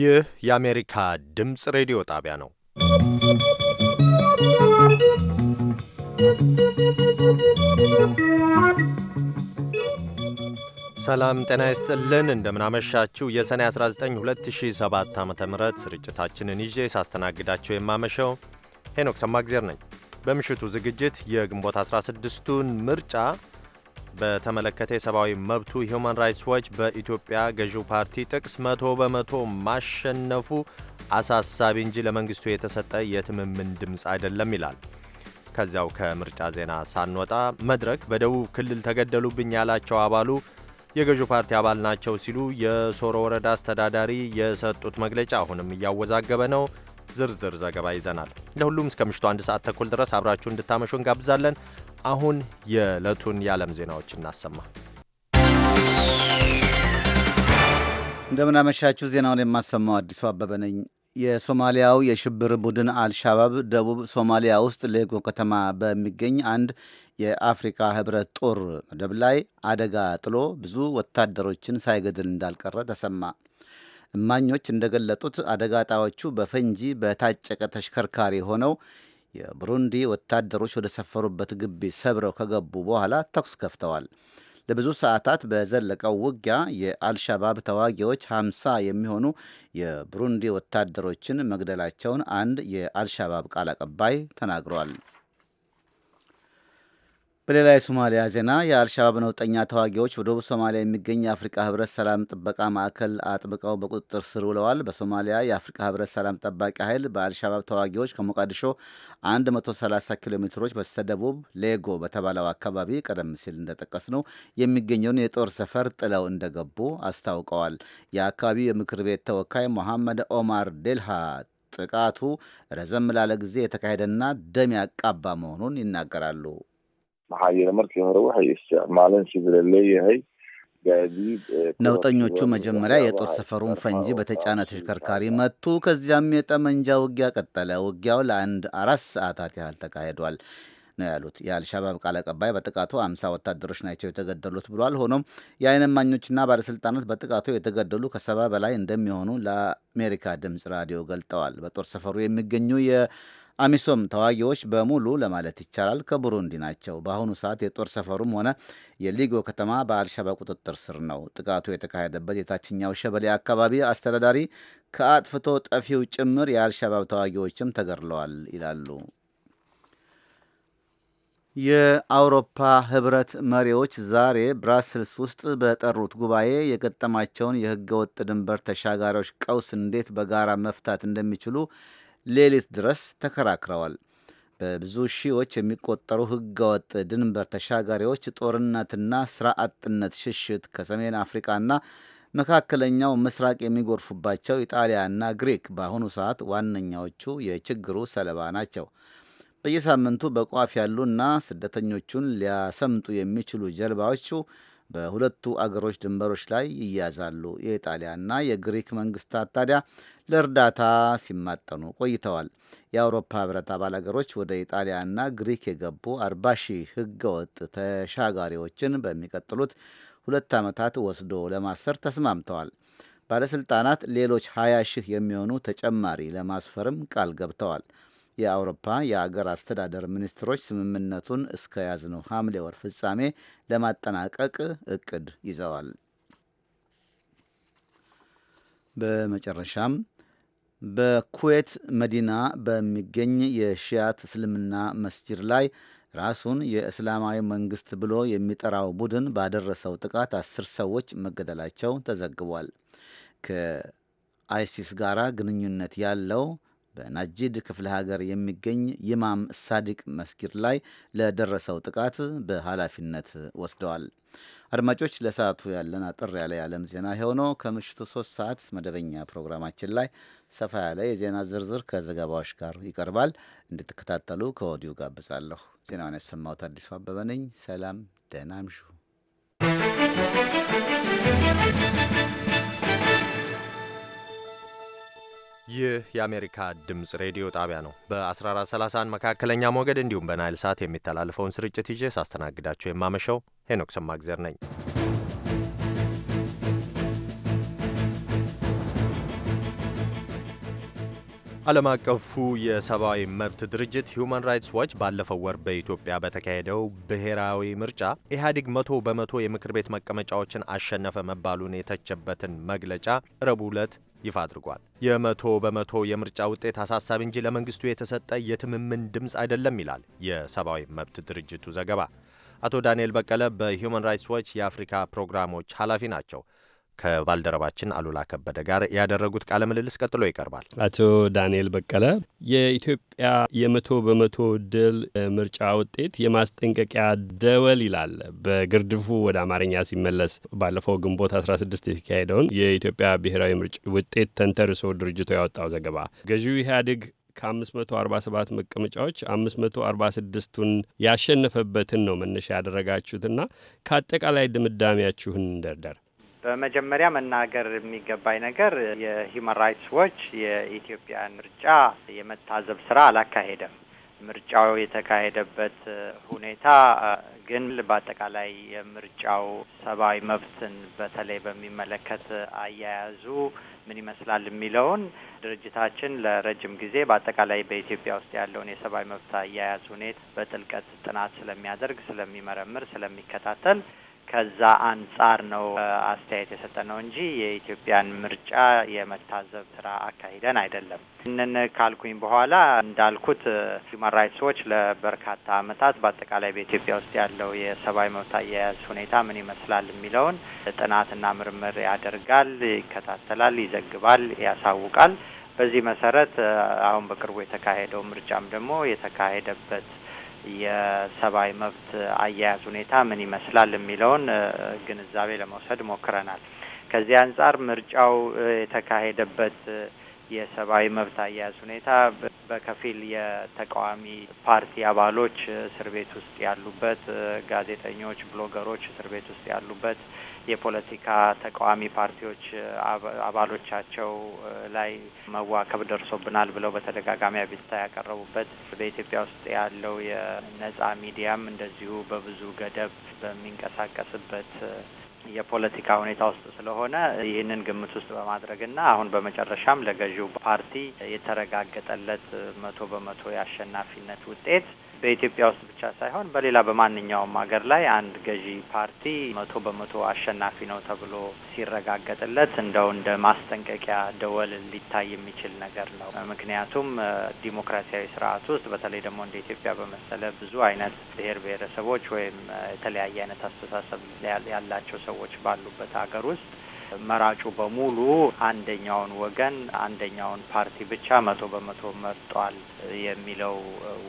ይህ የአሜሪካ ድምፅ ሬዲዮ ጣቢያ ነው። ሰላም ጤና ይስጥልን። እንደምናመሻችው የሰኔ 19 2007 ዓ ም ስርጭታችንን ይዤ ሳስተናግዳቸው የማመሸው ሄኖክ ሰማግዜር ነኝ። በምሽቱ ዝግጅት የግንቦት 16ቱን ምርጫ በተመለከተ የሰብአዊ መብቱ ሂውማን ራይትስ ዋች በኢትዮጵያ ገዢው ፓርቲ ጥቅስ መቶ በመቶ ማሸነፉ አሳሳቢ እንጂ ለመንግስቱ የተሰጠ የትምምን ድምፅ አይደለም ይላል። ከዚያው ከምርጫ ዜና ሳንወጣ መድረክ በደቡብ ክልል ተገደሉብኝ ያላቸው አባሉ የገዢው ፓርቲ አባል ናቸው ሲሉ የሶሮ ወረዳ አስተዳዳሪ የሰጡት መግለጫ አሁንም እያወዛገበ ነው። ዝርዝር ዘገባ ይዘናል። ለሁሉም እስከ ምሽቱ አንድ ሰዓት ተኩል ድረስ አብራችሁ እንድታመሹ እንጋብዛለን። አሁን የዕለቱን የዓለም ዜናዎች እናሰማ። እንደምናመሻችሁ ዜናውን የማሰማው አዲሱ አበበ ነኝ። የሶማሊያው የሽብር ቡድን አልሻባብ ደቡብ ሶማሊያ ውስጥ ሌጎ ከተማ በሚገኝ አንድ የአፍሪካ ህብረት ጦር መደብ ላይ አደጋ ጥሎ ብዙ ወታደሮችን ሳይገድል እንዳልቀረ ተሰማ። እማኞች እንደገለጡት አደጋ ጣዮቹ በፈንጂ በታጨቀ ተሽከርካሪ ሆነው የብሩንዲ ወታደሮች ወደ ሰፈሩበት ግቢ ሰብረው ከገቡ በኋላ ተኩስ ከፍተዋል። ለብዙ ሰዓታት በዘለቀው ውጊያ የአልሻባብ ተዋጊዎች 50 የሚሆኑ የብሩንዲ ወታደሮችን መግደላቸውን አንድ የአልሻባብ ቃል አቀባይ ተናግረዋል። በሌላ የሶማሊያ ዜና የአልሻባብ ነውጠኛ ተዋጊዎች በደቡብ ሶማሊያ የሚገኝ የአፍሪካ ህብረት ሰላም ጥበቃ ማዕከል አጥብቀው በቁጥጥር ስር ውለዋል። በሶማሊያ የአፍሪካ ህብረት ሰላም ጠባቂ ኃይል በአልሻባብ ተዋጊዎች ከሞቃዲሾ 130 ኪሎ ሜትሮች በስተደቡብ ሌጎ በተባለው አካባቢ ቀደም ሲል እንደጠቀስ ነው የሚገኘውን የጦር ሰፈር ጥለው እንደገቡ አስታውቀዋል። የአካባቢው የምክር ቤት ተወካይ ሞሐመድ ኦማር ዴልሃ ጥቃቱ ረዘም ላለ ጊዜ የተካሄደና ደም ያቃባ መሆኑን ይናገራሉ። maxaa yeele markii hore waxay isticmaaleen sida leeyahay ነውጠኞቹ መጀመሪያ የጦር ሰፈሩን ፈንጂ በተጫነ ተሽከርካሪ መቱ። ከዚያም የጠመንጃ ውጊያ ቀጠለ። ውጊያው ለአንድ አራት ሰዓታት ያህል ተካሂዷል ነው ያሉት የአልሻባብ ቃል አቀባይ። በጥቃቱ አምሳ ወታደሮች ናቸው የተገደሉት ብሏል። ሆኖም የዓይን እማኞችና ባለስልጣናት በጥቃቱ የተገደሉ ከሰባ በላይ እንደሚሆኑ ለአሜሪካ ድምፅ ራዲዮ ገልጠዋል። በጦር ሰፈሩ የሚገኙ አሚሶም ተዋጊዎች በሙሉ ለማለት ይቻላል ከቡሩንዲ ናቸው። በአሁኑ ሰዓት የጦር ሰፈሩም ሆነ የሊጎ ከተማ በአልሻባብ ቁጥጥር ስር ነው። ጥቃቱ የተካሄደበት የታችኛው ሸበሌ አካባቢ አስተዳዳሪ ከአጥፍቶ ጠፊው ጭምር የአልሻባብ ተዋጊዎችም ተገድለዋል ይላሉ። የአውሮፓ ህብረት መሪዎች ዛሬ ብራስልስ ውስጥ በጠሩት ጉባኤ የገጠማቸውን የህገወጥ ድንበር ተሻጋሪዎች ቀውስ እንዴት በጋራ መፍታት እንደሚችሉ ሌሊት ድረስ ተከራክረዋል። በብዙ ሺዎች የሚቆጠሩ ህገወጥ ድንበር ተሻጋሪዎች ጦርነትና ስራ አጥነት ሽሽት ከሰሜን አፍሪካና መካከለኛው ምስራቅ የሚጎርፉባቸው ኢጣሊያና ግሪክ በአሁኑ ሰዓት ዋነኛዎቹ የችግሩ ሰለባ ናቸው። በየሳምንቱ በቋፍ ያሉና ስደተኞቹን ሊያሰምጡ የሚችሉ ጀልባዎቹ በሁለቱ አገሮች ድንበሮች ላይ ይያዛሉ። የኢጣሊያና የግሪክ መንግስታት ታዲያ ለእርዳታ ሲማጠኑ ቆይተዋል። የአውሮፓ ህብረት አባል አገሮች ወደ ኢጣሊያና ግሪክ የገቡ አርባ ሺህ ህገወጥ ተሻጋሪዎችን በሚቀጥሉት ሁለት ዓመታት ወስዶ ለማሰር ተስማምተዋል። ባለሥልጣናት ሌሎች 20 ሺህ የሚሆኑ ተጨማሪ ለማስፈርም ቃል ገብተዋል። የአውሮፓ የአገር አስተዳደር ሚኒስትሮች ስምምነቱን እስከ ያዝነው ሐምሌ ወር ፍጻሜ ለማጠናቀቅ እቅድ ይዘዋል። በመጨረሻም በኩዌት መዲና በሚገኝ የሺያት እስልምና መስጂድ ላይ ራሱን የእስላማዊ መንግስት ብሎ የሚጠራው ቡድን ባደረሰው ጥቃት አስር ሰዎች መገደላቸው ተዘግቧል። ከአይሲስ ጋራ ግንኙነት ያለው በናጂድ ክፍለ ሀገር የሚገኝ ይማም ሳዲቅ መስጊድ ላይ ለደረሰው ጥቃት በኃላፊነት ወስደዋል። አድማጮች፣ ለሰዓቱ ያለን አጠር ያለ የዓለም ዜና ሆኖ ከምሽቱ ሶስት ሰዓት መደበኛ ፕሮግራማችን ላይ ሰፋ ያለ የዜና ዝርዝር ከዘገባዎች ጋር ይቀርባል። እንድትከታተሉ ከወዲሁ ጋብዛለሁ። ዜናውን ያሰማሁት አዲሱ አበበ ነኝ። ሰላም፣ ደህና ምሹ? ይህ የአሜሪካ ድምፅ ሬዲዮ ጣቢያ ነው። በ1430 መካከለኛ ሞገድ እንዲሁም በናይል ሳት የሚተላለፈውን ስርጭት ይዤ ሳስተናግዳችሁ የማመሸው ሄኖክ ሰማግዘር ነኝ። ዓለም አቀፉ የሰብአዊ መብት ድርጅት ሂውማን ራይትስ ዋች ባለፈው ወር በኢትዮጵያ በተካሄደው ብሔራዊ ምርጫ ኢህአዴግ መቶ በመቶ የምክር ቤት መቀመጫዎችን አሸነፈ መባሉን የተቸበትን መግለጫ ረቡዕ ዕለት ይፋ አድርጓል። የመቶ በመቶ የምርጫ ውጤት አሳሳቢ እንጂ ለመንግስቱ የተሰጠ የትምምን ድምፅ አይደለም ይላል የሰብአዊ መብት ድርጅቱ ዘገባ። አቶ ዳንኤል በቀለ በሂውማን ራይትስ ዋች የአፍሪካ ፕሮግራሞች ኃላፊ ናቸው። ከባልደረባችን አሉላ ከበደ ጋር ያደረጉት ቃለ ምልልስ ቀጥሎ ይቀርባል። አቶ ዳንኤል በቀለ የኢትዮጵያ የመቶ በመቶ ድል ምርጫ ውጤት የማስጠንቀቂያ ደወል ይላል በግርድፉ ወደ አማርኛ ሲመለስ ባለፈው ግንቦት 16 የተካሄደውን የኢትዮጵያ ብሔራዊ ምርጫ ውጤት ተንተርሶ ድርጅቱ ያወጣው ዘገባ ገዢው ኢህአዴግ ከ547 መቀመጫዎች 546ቱን ያሸነፈበትን ነው መነሻ ያደረጋችሁትና ከአጠቃላይ ድምዳሜያችሁን እንደርደር። በመጀመሪያ መናገር የሚገባኝ ነገር የሂውማን ራይትስ ዎች የኢትዮጵያን ምርጫ የመታዘብ ስራ አላካሄደም። ምርጫው የተካሄደበት ሁኔታ ግን በአጠቃላይ የምርጫው ሰብአዊ መብትን በተለይ በሚመለከት አያያዙ ምን ይመስላል የሚለውን ድርጅታችን ለረጅም ጊዜ በአጠቃላይ በኢትዮጵያ ውስጥ ያለውን የሰብአዊ መብት አያያዝ ሁኔታ በጥልቀት ጥናት ስለሚያደርግ፣ ስለሚመረምር፣ ስለሚከታተል ከዛ አንጻር ነው አስተያየት የሰጠ ነው እንጂ የኢትዮጵያን ምርጫ የመታዘብ ስራ አካሂደን አይደለም። ይህንን ካልኩኝ በኋላ እንዳልኩት ሁማን ራይትስ ዎች ለበርካታ አመታት በአጠቃላይ በኢትዮጵያ ውስጥ ያለው የሰብአዊ መብት አያያዝ ሁኔታ ምን ይመስላል የሚለውን ጥናትና ምርምር ያደርጋል፣ ይከታተላል፣ ይዘግባል፣ ያሳውቃል። በዚህ መሰረት አሁን በቅርቡ የተካሄደው ምርጫም ደግሞ የተካሄደበት የሰብአዊ መብት አያያዝ ሁኔታ ምን ይመስላል የሚለውን ግንዛቤ ለመውሰድ ሞክረናል። ከዚህ አንጻር ምርጫው የተካሄደበት የሰብአዊ መብት አያያዝ ሁኔታ በከፊል የተቃዋሚ ፓርቲ አባሎች እስር ቤት ውስጥ ያሉበት፣ ጋዜጠኞች፣ ብሎገሮች እስር ቤት ውስጥ ያሉበት የፖለቲካ ተቃዋሚ ፓርቲዎች አባሎቻቸው ላይ መዋከብ ደርሶብናል ብለው በተደጋጋሚ አቤቱታ ያቀረቡበት በኢትዮጵያ ውስጥ ያለው የነጻ ሚዲያም እንደዚሁ በብዙ ገደብ በሚንቀሳቀስበት የፖለቲካ ሁኔታ ውስጥ ስለሆነ ይህንን ግምት ውስጥ በማድረግና አሁን በመጨረሻም ለገዢው ፓርቲ የተረጋገጠለት መቶ በመቶ የአሸናፊነት ውጤት በኢትዮጵያ ውስጥ ብቻ ሳይሆን በሌላ በማንኛውም ሀገር ላይ አንድ ገዢ ፓርቲ መቶ በመቶ አሸናፊ ነው ተብሎ ሲረጋገጥለት እንደው እንደ ማስጠንቀቂያ ደወል ሊታይ የሚችል ነገር ነው። ምክንያቱም ዲሞክራሲያዊ ስርዓት ውስጥ በተለይ ደግሞ እንደ ኢትዮጵያ በመሰለ ብዙ አይነት ብሔር ብሔረሰቦች ወይም የተለያየ አይነት አስተሳሰብ ያላቸው ሰዎች ባሉበት ሀገር ውስጥ መራጩ በሙሉ አንደኛውን ወገን አንደኛውን ፓርቲ ብቻ መቶ በመቶ መርጧል የሚለው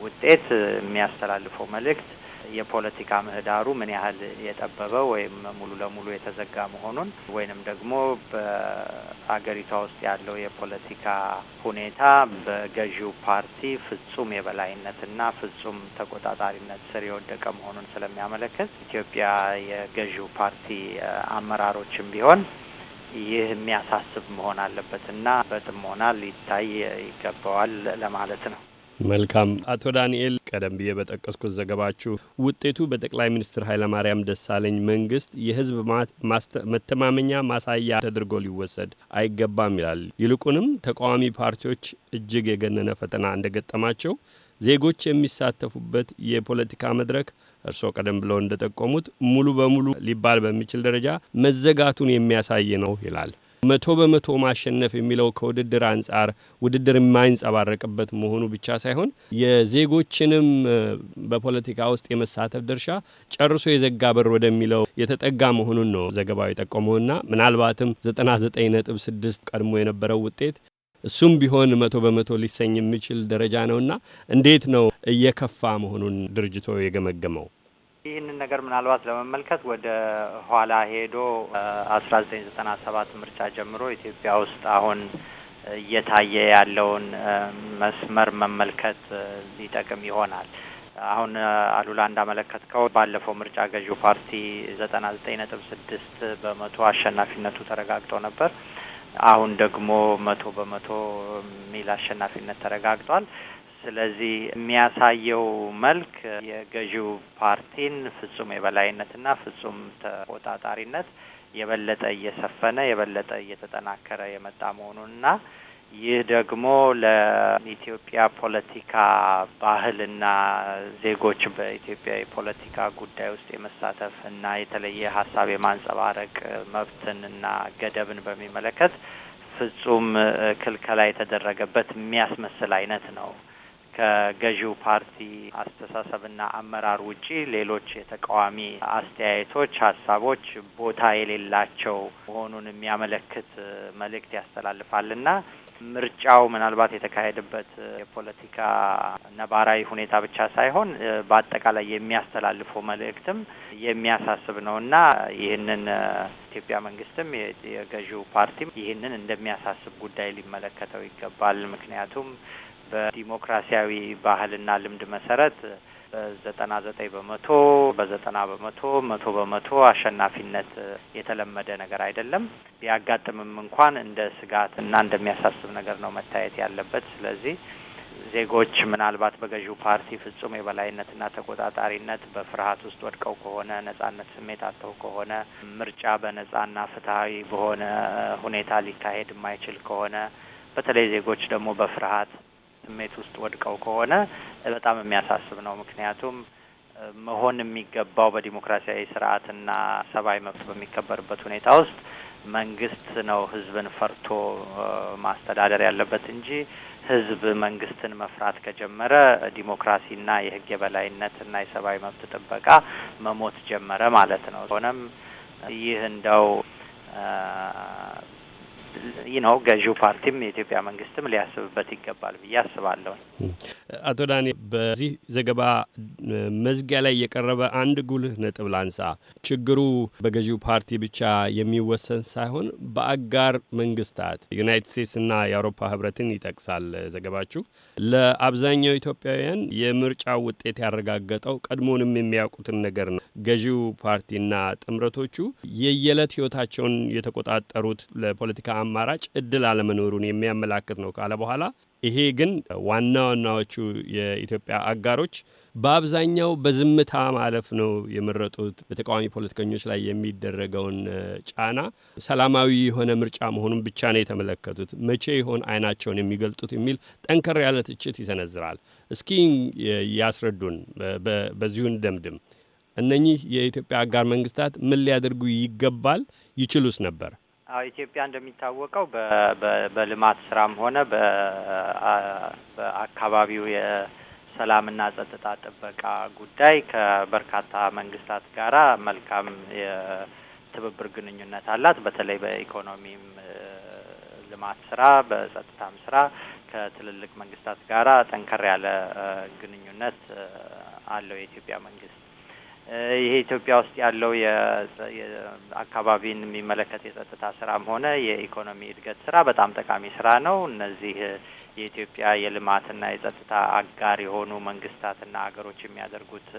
ውጤት የሚያስተላልፈው መልእክት የፖለቲካ ምህዳሩ ምን ያህል የጠበበ ወይም ሙሉ ለሙሉ የተዘጋ መሆኑን ወይንም ደግሞ በአገሪቷ ውስጥ ያለው የፖለቲካ ሁኔታ በገዢው ፓርቲ ፍጹም የበላይነትና ፍጹም ተቆጣጣሪነት ስር የወደቀ መሆኑን ስለሚያመለክት ኢትዮጵያ የገዢው ፓርቲ አመራሮችም ቢሆን ይህ የሚያሳስብ መሆን አለበት እና በጥሞና ሊታይ ይገባዋል ለማለት ነው። መልካም አቶ ዳንኤል፣ ቀደም ብዬ በጠቀስኩት ዘገባችሁ ውጤቱ በጠቅላይ ሚኒስትር ኃይለማርያም ደሳለኝ መንግስት የህዝብ መተማመኛ ማሳያ ተደርጎ ሊወሰድ አይገባም ይላል። ይልቁንም ተቃዋሚ ፓርቲዎች እጅግ የገነነ ፈተና እንደገጠማቸው ዜጎች የሚሳተፉበት የፖለቲካ መድረክ እርስዎ ቀደም ብለው እንደጠቆሙት ሙሉ በሙሉ ሊባል በሚችል ደረጃ መዘጋቱን የሚያሳይ ነው ይላል። መቶ በመቶ ማሸነፍ የሚለው ከውድድር አንጻር ውድድር የማይንጸባረቅበት መሆኑ ብቻ ሳይሆን የዜጎችንም በፖለቲካ ውስጥ የመሳተፍ ድርሻ ጨርሶ የዘጋ በር ወደሚለው የተጠጋ መሆኑን ነው ዘገባው የጠቆመውና ምናልባትም ዘጠኝ ነጥብ ስድስት ቀድሞ የነበረው ውጤት እሱም ቢሆን መቶ በመቶ ሊሰኝ የሚችል ደረጃ ነውና እንዴት ነው እየከፋ መሆኑን ድርጅቶ የገመገመው? ይህንን ነገር ምናልባት ለመመልከት ወደ ኋላ ሄዶ አስራ ዘጠኝ ዘጠና ሰባት ምርጫ ጀምሮ ኢትዮጵያ ውስጥ አሁን እየታየ ያለውን መስመር መመልከት ሊጠቅም ይሆናል። አሁን አሉላ እንዳመለከትከው ባለፈው ምርጫ ገዢው ፓርቲ ዘጠና ዘጠኝ ነጥብ ስድስት በመቶ አሸናፊነቱ ተረጋግጦ ነበር። አሁን ደግሞ መቶ በመቶ የሚል አሸናፊነት ተረጋግጧል። ስለዚህ የሚያሳየው መልክ የገዢው ፓርቲን ፍጹም የበላይነትና ፍጹም ተቆጣጣሪነት የበለጠ እየሰፈነ የበለጠ እየተጠናከረ የመጣ መሆኑንና ይህ ደግሞ ለኢትዮጵያ ፖለቲካ ባህልና ዜጎች በኢትዮጵያ የፖለቲካ ጉዳይ ውስጥ የመሳተፍ እና የተለየ ሀሳብ የማንጸባረቅ መብትን እና ገደብን በሚመለከት ፍጹም ክልከላ የተደረገበት የሚያስመስል አይነት ነው። ከገዢው ፓርቲ አስተሳሰብና አመራር ውጪ ሌሎች የተቃዋሚ አስተያየቶች፣ ሀሳቦች ቦታ የሌላቸው መሆኑን የሚያመለክት መልእክት ያስተላልፋልና ምርጫው ምናልባት የተካሄደበት የፖለቲካ ነባራዊ ሁኔታ ብቻ ሳይሆን በአጠቃላይ የሚያስተላልፈው መልእክትም የሚያሳስብ ነው እና ይህንን ኢትዮጵያ መንግስትም የገዢው ፓርቲም ይህንን እንደሚያሳስብ ጉዳይ ሊመለከተው ይገባል። ምክንያቱም በዲሞክራሲያዊ ባህልና ልምድ መሰረት በዘጠና ዘጠኝ በመቶ በዘጠና በመቶ መቶ በመቶ አሸናፊነት የተለመደ ነገር አይደለም። ቢያጋጥምም እንኳን እንደ ስጋት እና እንደሚያሳስብ ነገር ነው መታየት ያለበት። ስለዚህ ዜጎች ምናልባት በገዢው ፓርቲ ፍጹም የበላይነትና ተቆጣጣሪነት በፍርሀት ውስጥ ወድቀው ከሆነ ነጻነት ስሜት አጥተው ከሆነ ምርጫ በነጻና ፍትሀዊ በሆነ ሁኔታ ሊካሄድ የማይችል ከሆነ በተለይ ዜጎች ደግሞ በፍርሀት ስሜት ውስጥ ወድቀው ከሆነ በጣም የሚያሳስብ ነው። ምክንያቱም መሆን የሚገባው በዲሞክራሲያዊ ስርዓትና ሰብአዊ መብት በሚከበርበት ሁኔታ ውስጥ መንግስት ነው ህዝብን ፈርቶ ማስተዳደር ያለበት እንጂ ህዝብ መንግስትን መፍራት ከጀመረ ዲሞክራሲና የህግ የበላይነትና የሰብአዊ መብት ጥበቃ መሞት ጀመረ ማለት ነው። ሆነም ይህ እንደው ነው ገዢው ፓርቲም የኢትዮጵያ መንግስትም ሊያስብበት ይገባል ብዬ አስባለሁ። አቶ ዳንኤል በዚህ ዘገባ መዝጊያ ላይ የቀረበ አንድ ጉልህ ነጥብ ላንሳ። ችግሩ በገዢው ፓርቲ ብቻ የሚወሰን ሳይሆን በአጋር መንግስታት ዩናይትድ ስቴትስና የአውሮፓ ህብረትን ይጠቅሳል ዘገባችሁ። ለአብዛኛው ኢትዮጵያውያን የምርጫ ውጤት ያረጋገጠው ቀድሞንም የሚያውቁትን ነገር ነው። ገዢው ፓርቲና ጥምረቶቹ የየዕለት ህይወታቸውን የተቆጣጠሩት ለፖለቲካ አማራጭ እድል አለመኖሩን የሚያመላክት ነው ካለ በኋላ ይሄ ግን ዋና ዋናዎቹ የኢትዮጵያ አጋሮች በአብዛኛው በዝምታ ማለፍ ነው የመረጡት። በተቃዋሚ ፖለቲከኞች ላይ የሚደረገውን ጫና ሰላማዊ የሆነ ምርጫ መሆኑን ብቻ ነው የተመለከቱት። መቼ ይሆን አይናቸውን የሚገልጡት የሚል ጠንከር ያለ ትችት ይሰነዝራል። እስኪ ያስረዱን፣ በዚሁን ደምድም እነኚህ የኢትዮጵያ አጋር መንግስታት ምን ሊያደርጉ ይገባል? ይችሉስ ነበር? አዎ ኢትዮጵያ እንደሚታወቀው በልማት ስራም ሆነ በአካባቢው የሰላምና ጸጥታ ጥበቃ ጉዳይ ከበርካታ መንግስታት ጋራ መልካም የትብብር ግንኙነት አላት። በተለይ በኢኮኖሚም ልማት ስራ በጸጥታም ስራ ከትልልቅ መንግስታት ጋራ ጠንከር ያለ ግንኙነት አለው የኢትዮጵያ መንግስት። ይሄ ኢትዮጵያ ውስጥ ያለው አካባቢን የሚመለከት የጸጥታ ስራም ሆነ የኢኮኖሚ እድገት ስራ በጣም ጠቃሚ ስራ ነው። እነዚህ የኢትዮጵያ የልማትና የጸጥታ አጋር የሆኑ መንግስታትና አገሮች የሚያደርጉት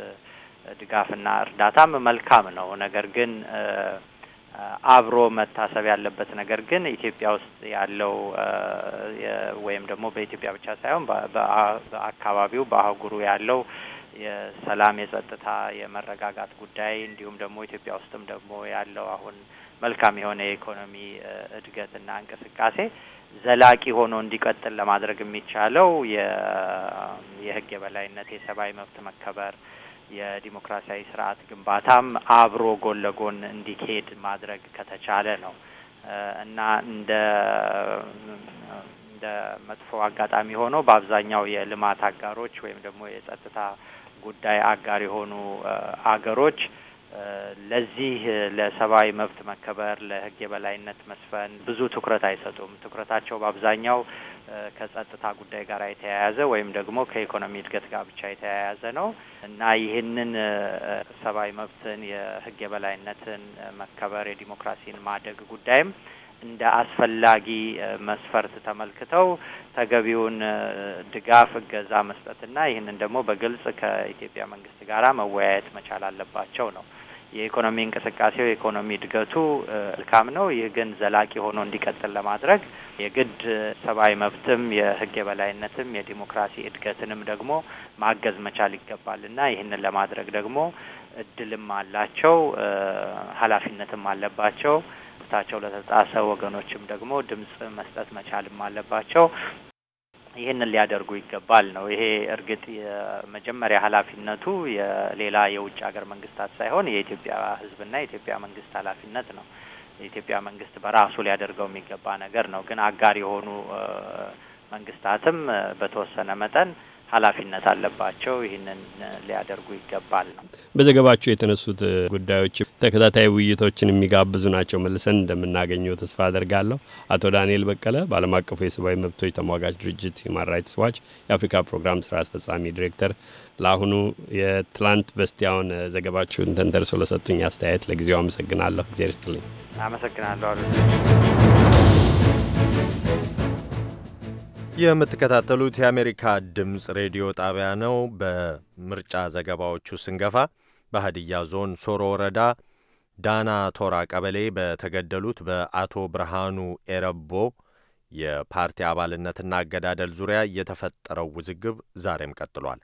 ድጋፍና እርዳታም መልካም ነው። ነገር ግን አብሮ መታሰብ ያለበት ነገር ግን ኢትዮጵያ ውስጥ ያለው ወይም ደግሞ በኢትዮጵያ ብቻ ሳይሆን በአካባቢው በአህጉሩ ያለው የሰላም የጸጥታ የመረጋጋት ጉዳይ እንዲሁም ደግሞ ኢትዮጵያ ውስጥም ደግሞ ያለው አሁን መልካም የሆነ የኢኮኖሚ እድገትና እንቅስቃሴ ዘላቂ ሆኖ እንዲቀጥል ለማድረግ የሚቻለው የህግ የበላይነት፣ የሰብአዊ መብት መከበር፣ የዲሞክራሲያዊ ስርዓት ግንባታም አብሮ ጎን ለጎን እንዲሄድ ማድረግ ከተቻለ ነው እና እንደ እንደ መጥፎ አጋጣሚ ሆኖ በአብዛኛው የልማት አጋሮች ወይም ደግሞ የጸጥታ ጉዳይ አጋር የሆኑ አገሮች ለዚህ ለሰብአዊ መብት መከበር ለህግ የበላይነት መስፈን ብዙ ትኩረት አይሰጡም። ትኩረታቸው በአብዛኛው ከጸጥታ ጉዳይ ጋር የተያያዘ ወይም ደግሞ ከኢኮኖሚ እድገት ጋር ብቻ የተያያዘ ነው እና ይህንን ሰብአዊ መብትን የህግ የበላይነትን መከበር የዲሞክራሲን ማደግ ጉዳይም እንደ አስፈላጊ መስፈርት ተመልክተው ተገቢውን ድጋፍ እገዛ መስጠትና ይህንን ደግሞ በግልጽ ከኢትዮጵያ መንግስት ጋር መወያየት መቻል አለባቸው ነው። የኢኮኖሚ እንቅስቃሴው የኢኮኖሚ እድገቱ መልካም ነው። ይህ ግን ዘላቂ ሆኖ እንዲቀጥል ለማድረግ የግድ ሰብአዊ መብትም የህግ የበላይነትም የዲሞክራሲ እድገትንም ደግሞ ማገዝ መቻል ይገባልና ይህንን ለማድረግ ደግሞ እድልም አላቸው፣ ኃላፊነትም አለባቸው። መብታቸው ለተጣሰ ወገኖችም ደግሞ ድምጽ መስጠት መቻልም አለባቸው። ይህንን ሊያደርጉ ይገባል ነው። ይሄ እርግጥ የመጀመሪያ ኃላፊነቱ የሌላ የውጭ ሀገር መንግስታት ሳይሆን የኢትዮጵያ ሕዝብና የኢትዮጵያ መንግስት ኃላፊነት ነው። የኢትዮጵያ መንግስት በራሱ ሊያደርገው የሚገባ ነገር ነው። ግን አጋር የሆኑ መንግስታትም በተወሰነ መጠን ኃላፊነት አለባቸው። ይህንን ሊያደርጉ ይገባል ነው። በዘገባችሁ የተነሱት ጉዳዮች ተከታታይ ውይይቶችን የሚጋብዙ ናቸው። መልሰን እንደምናገኘው ተስፋ አደርጋለሁ። አቶ ዳንኤል በቀለ በዓለም አቀፉ የሰብአዊ መብቶች ተሟጋች ድርጅት ሂማን ራይትስ ዋች የአፍሪካ ፕሮግራም ስራ አስፈጻሚ ዲሬክተር፣ ለአሁኑ የትላንት በስቲያውን ዘገባችሁን ተንተርሶ ለሰጡኝ አስተያየት ለጊዜው አመሰግናለሁ። እግዜር ይስጥልኝ። አመሰግናለሁ አሉ የምትከታተሉት የአሜሪካ ድምፅ ሬዲዮ ጣቢያ ነው። በምርጫ ዘገባዎቹ ስንገፋ በሀዲያ ዞን ሶሮ ወረዳ ዳና ቶራ ቀበሌ በተገደሉት በአቶ ብርሃኑ ኤረቦ የፓርቲ አባልነትና አገዳደል ዙሪያ የተፈጠረው ውዝግብ ዛሬም ቀጥሏል።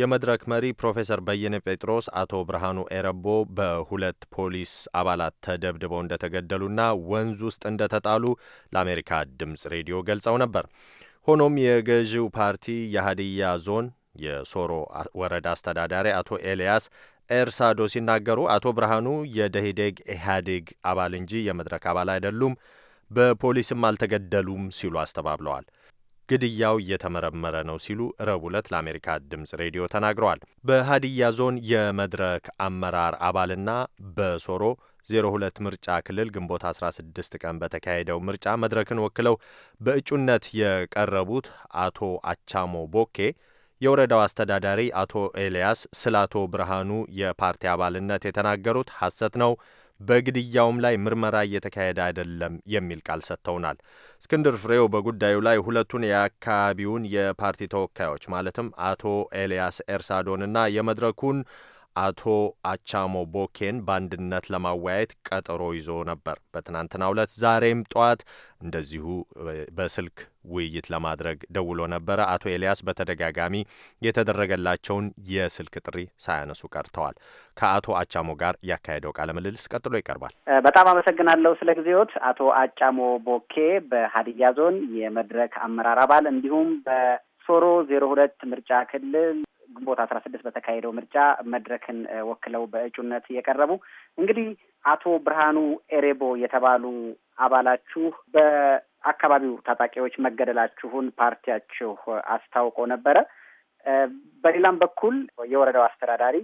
የመድረክ መሪ ፕሮፌሰር በየነ ጴጥሮስ አቶ ብርሃኑ ኤረቦ በሁለት ፖሊስ አባላት ተደብድበው እንደተገደሉና ወንዝ ውስጥ እንደተጣሉ ለአሜሪካ ድምፅ ሬዲዮ ገልጸው ነበር። ሆኖም የገዢው ፓርቲ የሀዲያ ዞን የሶሮ ወረዳ አስተዳዳሪ አቶ ኤልያስ ኤርሳዶ ሲናገሩ አቶ ብርሃኑ የደሂዴግ ኢህአዴግ አባል እንጂ የመድረክ አባል አይደሉም፣ በፖሊስም አልተገደሉም ሲሉ አስተባብለዋል። ግድያው እየተመረመረ ነው ሲሉ ረቡዕ ዕለት ለአሜሪካ ድምፅ ሬዲዮ ተናግረዋል። በሀዲያ ዞን የመድረክ አመራር አባልና በሶሮ 02 ምርጫ ክልል ግንቦት 16 ቀን በተካሄደው ምርጫ መድረክን ወክለው በእጩነት የቀረቡት አቶ አቻሞ ቦኬ የወረዳው አስተዳዳሪ አቶ ኤልያስ ስለ አቶ ብርሃኑ የፓርቲ አባልነት የተናገሩት ሐሰት ነው በግድያውም ላይ ምርመራ እየተካሄደ አይደለም የሚል ቃል ሰጥተውናል። እስክንድር ፍሬው በጉዳዩ ላይ ሁለቱን የአካባቢውን የፓርቲ ተወካዮች ማለትም አቶ ኤልያስ ኤርሳዶንና የመድረኩን አቶ አቻሞ ቦኬን በአንድነት ለማወያየት ቀጠሮ ይዞ ነበር በትናንትና ዕለት። ዛሬም ጠዋት እንደዚሁ በስልክ ውይይት ለማድረግ ደውሎ ነበረ። አቶ ኤልያስ በተደጋጋሚ የተደረገላቸውን የስልክ ጥሪ ሳያነሱ ቀርተዋል። ከአቶ አቻሞ ጋር ያካሄደው ቃለ ምልልስ ቀጥሎ ይቀርባል። በጣም አመሰግናለሁ ስለ ጊዜዎት። አቶ አጫሞ ቦኬ በሀዲያ ዞን የመድረክ አመራር አባል እንዲሁም በሶሮ ዜሮ ሁለት ምርጫ ክልል ግንቦት አስራ ስድስት በተካሄደው ምርጫ መድረክን ወክለው በእጩነት የቀረቡ እንግዲህ አቶ ብርሃኑ ኤሬቦ የተባሉ አባላችሁ በአካባቢው ታጣቂዎች መገደላችሁን ፓርቲያችሁ አስታውቆ ነበረ። በሌላም በኩል የወረዳው አስተዳዳሪ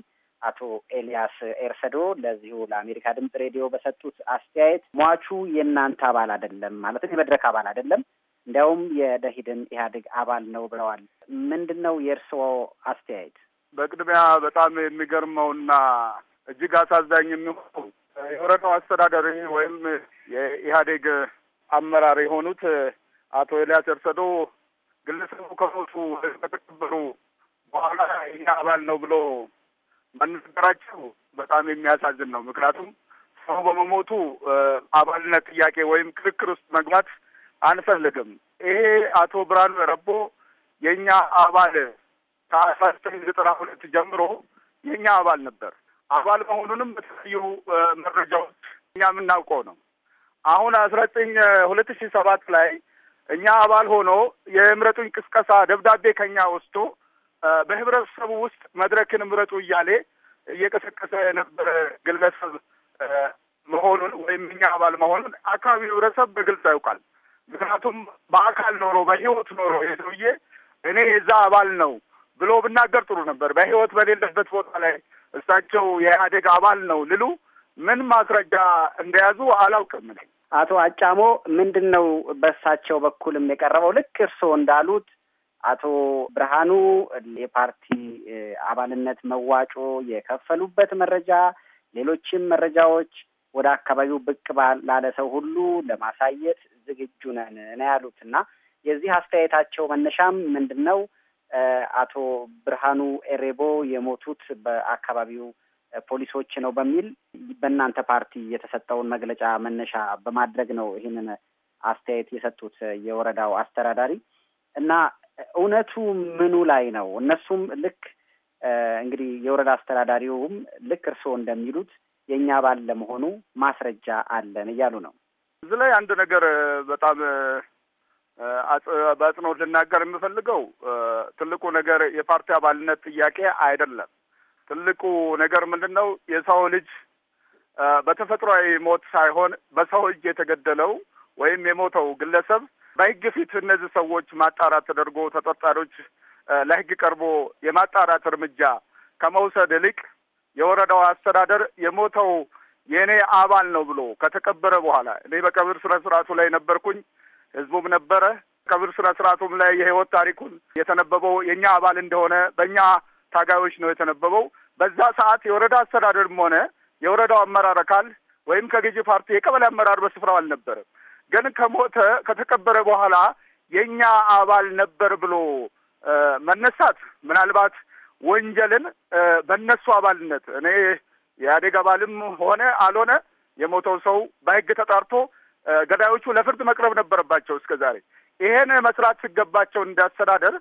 አቶ ኤልያስ ኤርሰዶ ለዚሁ ለአሜሪካ ድምጽ ሬዲዮ በሰጡት አስተያየት ሟቹ የእናንተ አባል አይደለም፣ ማለትም የመድረክ አባል አይደለም እንዲያውም የደሂድን ኢህአዴግ አባል ነው ብለዋል። ምንድን ነው የእርስዎ አስተያየት? በቅድሚያ በጣም የሚገርመውና እጅግ አሳዛኝ የሚሆኑ የወረዳው አስተዳደሪ ወይም የኢህአዴግ አመራር የሆኑት አቶ ኤልያስ እርሰዶ ግለሰቡ ከሞቱ ከተቀበሩ በኋላ ይህ አባል ነው ብሎ መነገራቸው በጣም የሚያሳዝን ነው። ምክንያቱም ሰው በመሞቱ አባልነት ጥያቄ ወይም ክርክር ውስጥ መግባት አንፈልግም። ይሄ አቶ ብርሃኑ ረቦ የእኛ አባል ከአስራ ዘጠኝ ዘጠና ሁለት ጀምሮ የእኛ አባል ነበር። አባል መሆኑንም በተለያዩ መረጃዎች እኛ የምናውቀው ነው። አሁን አስራ ዘጠኝ ሁለት ሺ ሰባት ላይ እኛ አባል ሆኖ የምረጡኝ ቅስቀሳ ደብዳቤ ከኛ ወስዶ በህብረተሰቡ ውስጥ መድረክን ምረጡ እያሌ እየቀሰቀሰ የነበረ ግለሰብ መሆኑን ወይም እኛ አባል መሆኑን አካባቢው ህብረተሰብ በግልጽ ያውቃል። ምክንያቱም በአካል ኖሮ በህይወት ኖሮ የሰውዬ እኔ የዛ አባል ነው ብሎ ብናገር ጥሩ ነበር። በህይወት በሌለበት ቦታ ላይ እሳቸው የኢህአዴግ አባል ነው ልሉ ምን ማስረጃ እንደያዙ አላውቅም። አቶ አጫሞ ምንድን ነው በእሳቸው በኩልም የቀረበው ልክ እርስዎ እንዳሉት አቶ ብርሃኑ የፓርቲ አባልነት መዋጮ የከፈሉበት መረጃ፣ ሌሎችም መረጃዎች ወደ አካባቢው ብቅ ላለ ሰው ሁሉ ለማሳየት ዝግጁ ነን ነው ያሉት እና የዚህ አስተያየታቸው መነሻም ምንድን ነው? አቶ ብርሃኑ ኤሬቦ የሞቱት በአካባቢው ፖሊሶች ነው በሚል በእናንተ ፓርቲ የተሰጠውን መግለጫ መነሻ በማድረግ ነው ይህንን አስተያየት የሰጡት የወረዳው አስተዳዳሪ እና እውነቱ ምኑ ላይ ነው? እነሱም ልክ እንግዲህ የወረዳ አስተዳዳሪውም ልክ እርስዎ እንደሚሉት የእኛ አባል ለመሆኑ ማስረጃ አለን እያሉ ነው። እዚህ ላይ አንድ ነገር በጣም በአጽንኦት ልናገር የምፈልገው ትልቁ ነገር የፓርቲ አባልነት ጥያቄ አይደለም። ትልቁ ነገር ምንድን ነው? የሰው ልጅ በተፈጥሯዊ ሞት ሳይሆን በሰው እጅ የተገደለው ወይም የሞተው ግለሰብ በሕግ ፊት እነዚህ ሰዎች ማጣራት ተደርጎ ተጠርጣሪዎች ለሕግ ቀርቦ የማጣራት እርምጃ ከመውሰድ ይልቅ የወረዳው አስተዳደር የሞተው የእኔ አባል ነው ብሎ ከተቀበረ በኋላ እኔ በቀብር ስነ ስርዓቱ ላይ ነበርኩኝ፣ ህዝቡም ነበረ። ቀብር ስነ ስርዓቱም ላይ የህይወት ታሪኩን የተነበበው የእኛ አባል እንደሆነ በእኛ ታጋዮች ነው የተነበበው። በዛ ሰዓት የወረዳ አስተዳደርም ሆነ የወረዳው አመራር አካል ወይም ከገዢ ፓርቲ የቀበሌ አመራር በስፍራው አልነበረም። ግን ከሞተ ከተቀበረ በኋላ የእኛ አባል ነበር ብሎ መነሳት ምናልባት ወንጀልን በእነሱ አባልነት እኔ የኢህአዴግ አባልም ሆነ አልሆነ የሞተው ሰው በህግ ተጣርቶ ገዳዮቹ ለፍርድ መቅረብ ነበረባቸው እስከ ዛሬ። ይሄን መስራት ሲገባቸው እንዳስተዳደር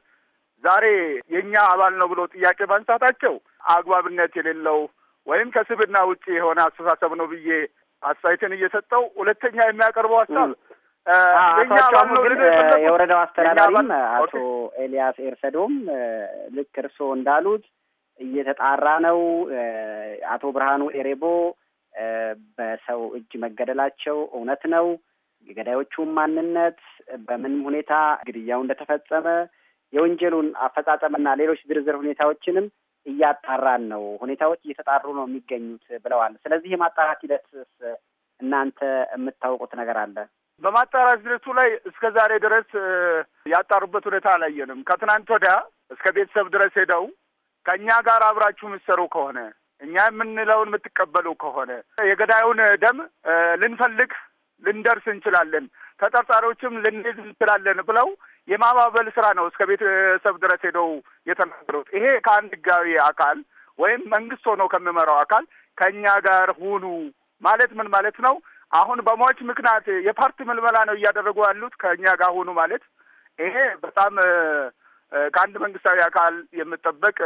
ዛሬ የእኛ አባል ነው ብሎ ጥያቄ ማንሳታቸው አግባብነት የሌለው ወይም ከስብና ውጭ የሆነ አስተሳሰብ ነው ብዬ አስተያየትን እየሰጠው ሁለተኛ የሚያቀርበው ሀሳብ የወረዳው አስተዳዳሪም አቶ ኤልያስ ኤርሰዶም ልክ እርስዎ እንዳሉት እየተጣራ ነው። አቶ ብርሃኑ ኤሬቦ በሰው እጅ መገደላቸው እውነት ነው። የገዳዮቹን ማንነት፣ በምን ሁኔታ ግድያው እንደተፈጸመ፣ የወንጀሉን አፈጻጸምና ሌሎች ዝርዝር ሁኔታዎችንም እያጣራን ነው። ሁኔታዎች እየተጣሩ ነው የሚገኙት ብለዋል። ስለዚህ የማጣራት ሂደት እናንተ የምታውቁት ነገር አለ? በማጣራት ሂደቱ ላይ እስከ ዛሬ ድረስ ያጣሩበት ሁኔታ አላየንም። ከትናንት ወዲያ እስከ ቤተሰብ ድረስ ሄደው ከእኛ ጋር አብራችሁ የምትሰሩ ከሆነ እኛ የምንለውን የምትቀበሉ ከሆነ የገዳዩን ደም ልንፈልግ ልንደርስ እንችላለን፣ ተጠርጣሪዎችም ልንይዝ እንችላለን ብለው የማባበል ስራ ነው እስከ ቤተሰብ ድረስ ሄደው የተናገሩት። ይሄ ከአንድ ህጋዊ አካል ወይም መንግስት ሆኖ ከሚመራው አካል ከእኛ ጋር ሁኑ ማለት ምን ማለት ነው? አሁን በሟች ምክንያት የፓርቲ ምልመላ ነው እያደረጉ ያሉት ከእኛ ጋር ሆኑ ማለት ይሄ በጣም ከአንድ መንግስታዊ አካል የምጠበቅ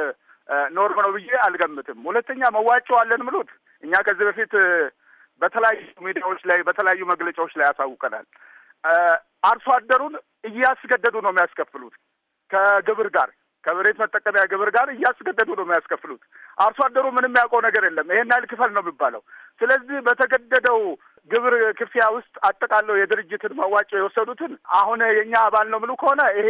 ኖርም ነው ብዬ አልገምትም። ሁለተኛ መዋጮ አለን ምሉት እኛ ከዚህ በፊት በተለያዩ ሚዲያዎች ላይ በተለያዩ መግለጫዎች ላይ ያሳውቀናል። አርሶ አደሩን እያስገደዱ ነው የሚያስከፍሉት ከግብር ጋር ከመሬት መጠቀሚያ ግብር ጋር እያስገደዱ ነው የሚያስከፍሉት። አርሶ አደሩ ምንም ያውቀው ነገር የለም። ይሄን ያህል ክፈል ነው የሚባለው። ስለዚህ በተገደደው ግብር ክፍያ ውስጥ አጠቃለው የድርጅትን መዋጮ የወሰዱትን አሁን የእኛ አባል ነው ብሉ ከሆነ ይሄ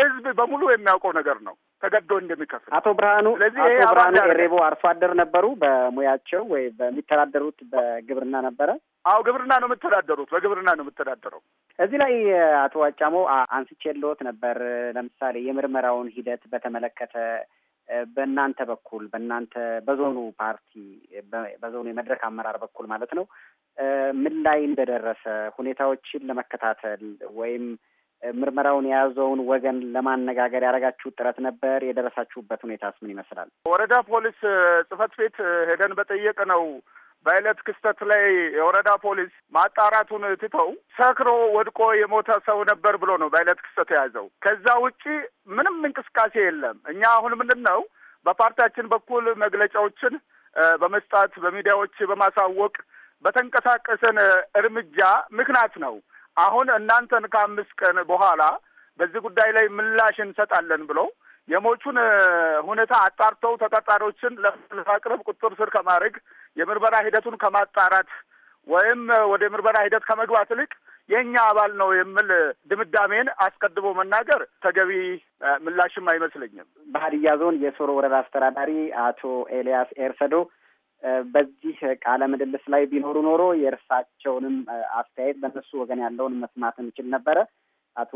ህዝብ በሙሉ የሚያውቀው ነገር ነው ተገዶ እንደሚከፍል። አቶ ብርሃኑ ስለዚህ አቶ ብርሃኑ ኤሬቦ አርሶ አደር ነበሩ በሙያቸው ወይ በሚተዳደሩት በግብርና ነበረ? አዎ ግብርና ነው የምተዳደሩት፣ በግብርና ነው የምተዳደረው። እዚህ ላይ አቶ ዋጫሞ አንስቼ ልዎት ነበር። ለምሳሌ የምርመራውን ሂደት በተመለከተ በእናንተ በኩል በእናንተ በዞኑ ፓርቲ በዞኑ የመድረክ አመራር በኩል ማለት ነው ምን ላይ እንደደረሰ ሁኔታዎችን ለመከታተል ወይም ምርመራውን የያዘውን ወገን ለማነጋገር ያደረጋችሁ ጥረት ነበር? የደረሳችሁበት ሁኔታስ ምን ይመስላል? ወረዳ ፖሊስ ጽሕፈት ቤት ሄደን በጠየቅ ነው በዕለት ክስተት ላይ የወረዳ ፖሊስ ማጣራቱን ትተው ሰክሮ ወድቆ የሞተ ሰው ነበር ብሎ ነው በዕለት ክስተት የያዘው። ከዛ ውጪ ምንም እንቅስቃሴ የለም። እኛ አሁን ምንድን ነው በፓርቲያችን በኩል መግለጫዎችን በመስጣት በሚዲያዎች በማሳወቅ በተንቀሳቀሰን እርምጃ ምክንያት ነው አሁን እናንተን ከአምስት ቀን በኋላ በዚህ ጉዳይ ላይ ምላሽ እንሰጣለን ብሎ የሞቹን ሁኔታ አጣርተው ተጠርጣሪዎችን አቅርብ ቁጥር ስር ከማድረግ የምርመራ ሂደቱን ከማጣራት ወይም ወደ ምርመራ ሂደት ከመግባት ይልቅ የእኛ አባል ነው የሚል ድምዳሜን አስቀድሞ መናገር ተገቢ ምላሽም አይመስለኝም። በሀዲያ ዞን የሶሮ ወረዳ አስተዳዳሪ አቶ ኤልያስ ኤርሰዶ በዚህ ቃለ ምልልስ ላይ ቢኖሩ ኖሮ የእርሳቸውንም አስተያየት በእነሱ ወገን ያለውን መስማት እንችል ነበረ። አቶ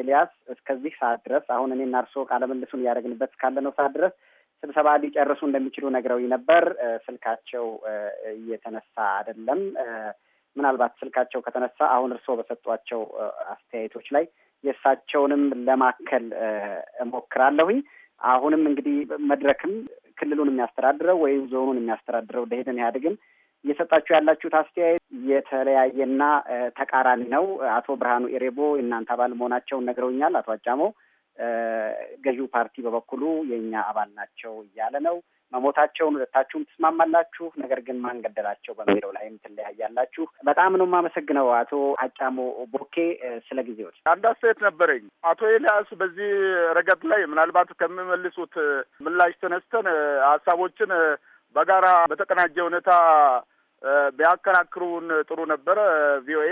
ኤልያስ እስከዚህ ሰዓት ድረስ አሁን እኔና እርስዎ ቃለ ምልሱን እያደረግንበት እስካለነው ሰዓት ድረስ ስብሰባ ሊጨርሱ እንደሚችሉ ነግረውኝ ነበር። ስልካቸው እየተነሳ አይደለም። ምናልባት ስልካቸው ከተነሳ አሁን እርስዎ በሰጧቸው አስተያየቶች ላይ የእሳቸውንም ለማከል እሞክራለሁኝ። አሁንም እንግዲህ መድረክም ክልሉን የሚያስተዳድረው ወይም ዞኑን የሚያስተዳድረው ደሄደን ኢህአዴግም እየሰጣችሁ ያላችሁት አስተያየት የተለያየና ተቃራኒ ነው። አቶ ብርሃኑ ኤሬቦ እናንተ አባል መሆናቸውን ነግረውኛል። አቶ አጫሞ ገዢው ፓርቲ በበኩሉ የእኛ አባል ናቸው እያለ ነው። መሞታቸውን ሁለታችሁም ትስማማላችሁ፣ ነገር ግን ማን ገደላቸው በሚለው ላይም ትለያያላችሁ። በጣም ነው የማመሰግነው አቶ አጫሞ ቦኬ ስለ ጊዜዎች። አንድ አስተያየት ነበረኝ። አቶ ኤልያስ በዚህ ረገድ ላይ ምናልባት ከሚመልሱት ምላሽ ተነስተን ሀሳቦችን በጋራ በተቀናጀ ሁኔታ ቢያከራክሩን ጥሩ ነበረ። ቪኦኤ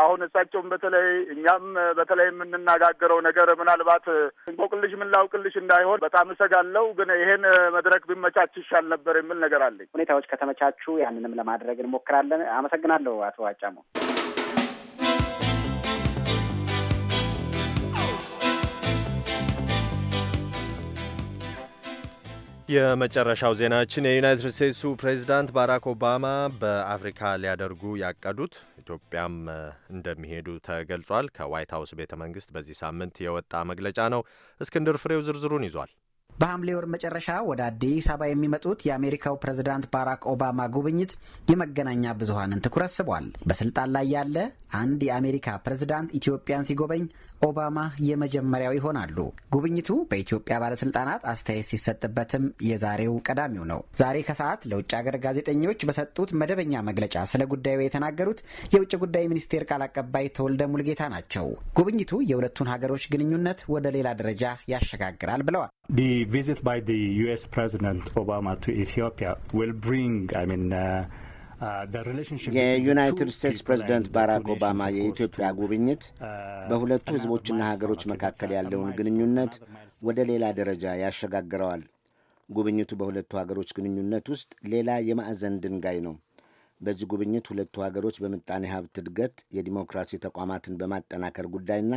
አሁን እሳቸውም በተለይ እኛም በተለይ የምንነጋገረው ነገር ምናልባት እንቆቅልሽ የምንላውቅልሽ እንዳይሆን በጣም እሰጋለሁ፣ ግን ይሄን መድረክ ቢመቻች ይሻል ነበር የሚል ነገር አለኝ። ሁኔታዎች ከተመቻቹ ያንንም ለማድረግ እንሞክራለን። አመሰግናለሁ አቶ አጫሞ። የመጨረሻው ዜናችን የዩናይትድ ስቴትሱ ፕሬዚዳንት ባራክ ኦባማ በአፍሪካ ሊያደርጉ ያቀዱት ኢትዮጵያም እንደሚሄዱ ተገልጿል። ከዋይት ሀውስ ቤተ መንግስት በዚህ ሳምንት የወጣ መግለጫ ነው። እስክንድር ፍሬው ዝርዝሩን ይዟል። በሐምሌ ወር መጨረሻ ወደ አዲስ አበባ የሚመጡት የአሜሪካው ፕሬዝዳንት ባራክ ኦባማ ጉብኝት የመገናኛ ብዙሀንን ትኩረት ስቧል። በስልጣን ላይ ያለ አንድ የአሜሪካ ፕሬዝዳንት ኢትዮጵያን ሲጎበኝ ኦባማ የመጀመሪያው ይሆናሉ። ጉብኝቱ በኢትዮጵያ ባለስልጣናት አስተያየት ሲሰጥበትም የዛሬው ቀዳሚው ነው። ዛሬ ከሰዓት ለውጭ ሀገር ጋዜጠኞች በሰጡት መደበኛ መግለጫ ስለ ጉዳዩ የተናገሩት የውጭ ጉዳይ ሚኒስቴር ቃል አቀባይ ተወልደ ሙልጌታ ናቸው። ጉብኝቱ የሁለቱን ሀገሮች ግንኙነት ወደ ሌላ ደረጃ ያሸጋግራል ብለዋል። The visit by the US President Obama to Ethiopia will bring, I mean, uh, የዩናይትድ ስቴትስ ፕሬዚደንት ባራክ ኦባማ የኢትዮጵያ ጉብኝት uh, በሁለቱ ህዝቦችና ሀገሮች መካከል ያለውን ግንኙነት ወደ ሌላ ደረጃ ያሸጋግረዋል። ጉብኝቱ በሁለቱ ሀገሮች ግንኙነት ውስጥ ሌላ የማዕዘን ድንጋይ ነው። በዚህ ጉብኝት ሁለቱ ሀገሮች በምጣኔ ሀብት እድገት፣ የዲሞክራሲ ተቋማትን በማጠናከር ጉዳይና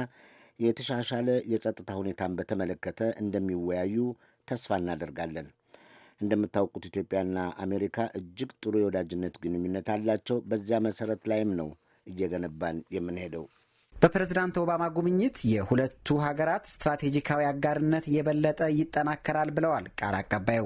የተሻሻለ የጸጥታ ሁኔታን በተመለከተ እንደሚወያዩ ተስፋ እናደርጋለን። እንደምታውቁት ኢትዮጵያና አሜሪካ እጅግ ጥሩ የወዳጅነት ግንኙነት አላቸው። በዚያ መሰረት ላይም ነው እየገነባን የምንሄደው። በፕሬዝዳንት ኦባማ ጉብኝት የሁለቱ ሀገራት ስትራቴጂካዊ አጋርነት የበለጠ ይጠናከራል ብለዋል ቃል አቀባዩ።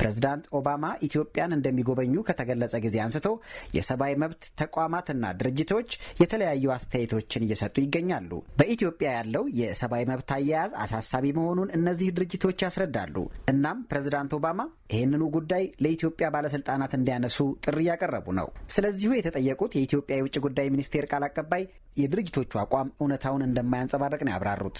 ፕሬዝዳንት ኦባማ ኢትዮጵያን እንደሚጎበኙ ከተገለጸ ጊዜ አንስቶ የሰብአዊ መብት ተቋማትና ድርጅቶች የተለያዩ አስተያየቶችን እየሰጡ ይገኛሉ። በኢትዮጵያ ያለው የሰብአዊ መብት አያያዝ አሳሳቢ መሆኑን እነዚህ ድርጅቶች ያስረዳሉ። እናም ፕሬዝዳንት ኦባማ ይህንኑ ጉዳይ ለኢትዮጵያ ባለስልጣናት እንዲያነሱ ጥሪ ያቀረቡ ነው። ስለዚሁ የተጠየቁት የኢትዮጵያ የውጭ ጉዳይ ሚኒስቴር ቃል አቀባይ የድርጅቶቹ አቋም አቋም እውነታውን እንደማያንጸባርቅ ነው ያብራሩት።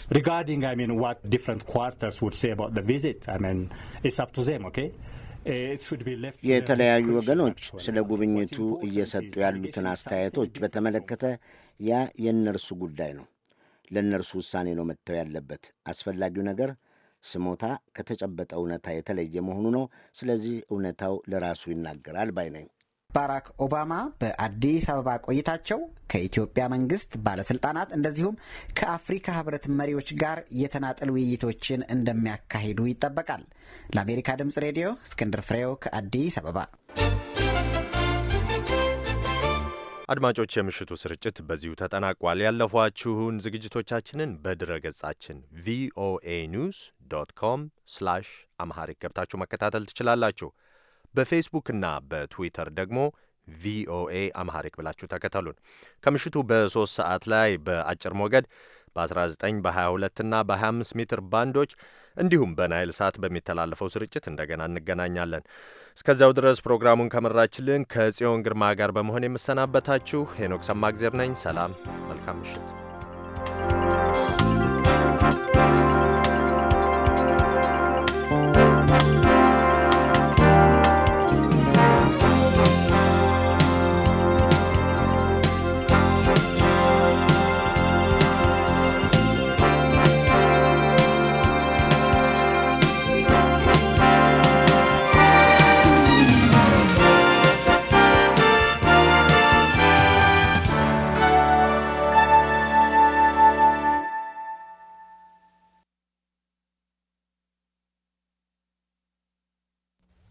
የተለያዩ ወገኖች ስለ ጉብኝቱ እየሰጡ ያሉትን አስተያየቶች በተመለከተ ያ የእነርሱ ጉዳይ ነው። ለእነርሱ ውሳኔ ነው መጥተው ያለበት። አስፈላጊው ነገር ስሞታ ከተጨበጠ እውነታ የተለየ መሆኑ ነው። ስለዚህ እውነታው ለራሱ ይናገራል ባይ ነኝ። ባራክ ኦባማ በአዲስ አበባ ቆይታቸው ከኢትዮጵያ መንግስት ባለስልጣናት እንደዚሁም ከአፍሪካ ህብረት መሪዎች ጋር የተናጠል ውይይቶችን እንደሚያካሂዱ ይጠበቃል። ለአሜሪካ ድምጽ ሬዲዮ እስክንድር ፍሬው ከአዲስ አበባ። አድማጮች የምሽቱ ስርጭት በዚሁ ተጠናቋል። ያለፏችሁን ዝግጅቶቻችንን በድረ ገጻችን ቪኦኤ ኒውስ ዶት ኮም ስላሽ አምሃሪክ ገብታችሁ መከታተል ትችላላችሁ። በፌስቡክና በትዊተር ደግሞ ቪኦኤ አምሃሪክ ብላችሁ ተከተሉን። ከምሽቱ በሶስት ሰዓት ላይ በአጭር ሞገድ በ19 በ22 እና በ25 ሜትር ባንዶች እንዲሁም በናይል ሳት በሚተላለፈው ስርጭት እንደገና እንገናኛለን። እስከዚያው ድረስ ፕሮግራሙን ከመራችልን ከጽዮን ግርማ ጋር በመሆን የምሰናበታችሁ ሄኖክ ሰማግዜር ነኝ። ሰላም፣ መልካም ምሽት።